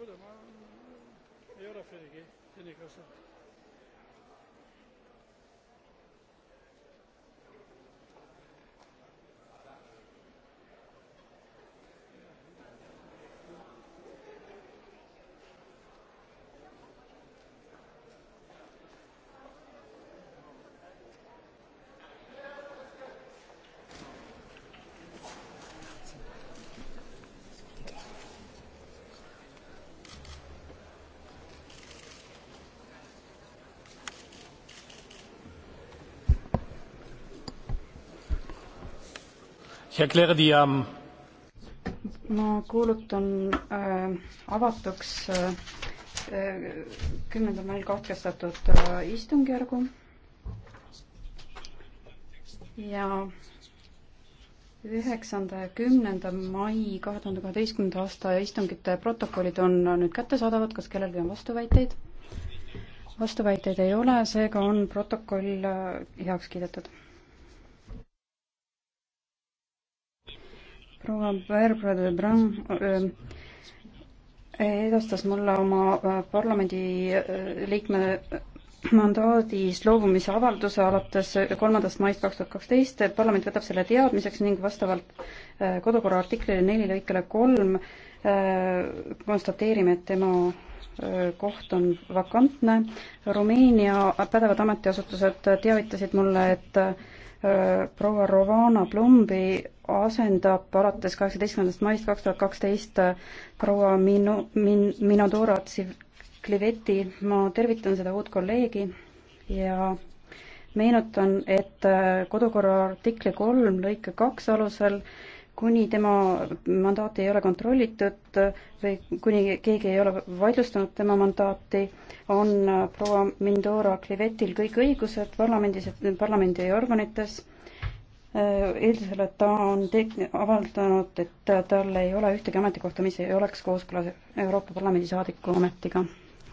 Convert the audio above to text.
kuule, ma ei ole Fredi Kinnikasse. ma kuulutan äh, avatuks äh, äh, kümnendal äh, mail katkestatud äh, istungjärgu ja üheksanda ja kümnenda mai kahe tuhande kaheteistkümnenda aasta istungite protokollid on nüüd kättesaadavad, kas kellelgi on vastuväiteid? vastuväiteid ei ole, seega on protokoll äh, heaks kiidetud proua Berger Brun ähm, edastas mulle oma äh, parlamendiliikme äh, äh, mandaadist loobumise avalduse alates kolmandast maist kaks tuhat kaksteist. parlament võtab selle teadmiseks ning vastavalt kodukorra artiklile neli lõikele kolm Äh, konstateerime, et tema äh, koht on vakantne. Rumeenia pädevad ametiasutused teavitasid mulle, et äh, proua Rovana Plumbi asendab alates kaheksateistkümnendast maist kaks tuhat kaksteist proua Minu-, Min-, Minodora Tsivkliveti. ma tervitan seda uut kolleegi ja meenutan, et kodukorra artikli kolm lõike kaks alusel äh, kuni tema mandaati ei ole kontrollitud või kuni keegi ei ole vaidlustanud tema mandaati, on proua Mindora Klivetil kõik õigused parlamendis, parlamendiorganites eeldusel, et ta on teg-, avaldanud, et tal ei ole ühtegi ametikohta, mis ei oleks kooskõlas Euroopa Parlamendi saadiku ametiga.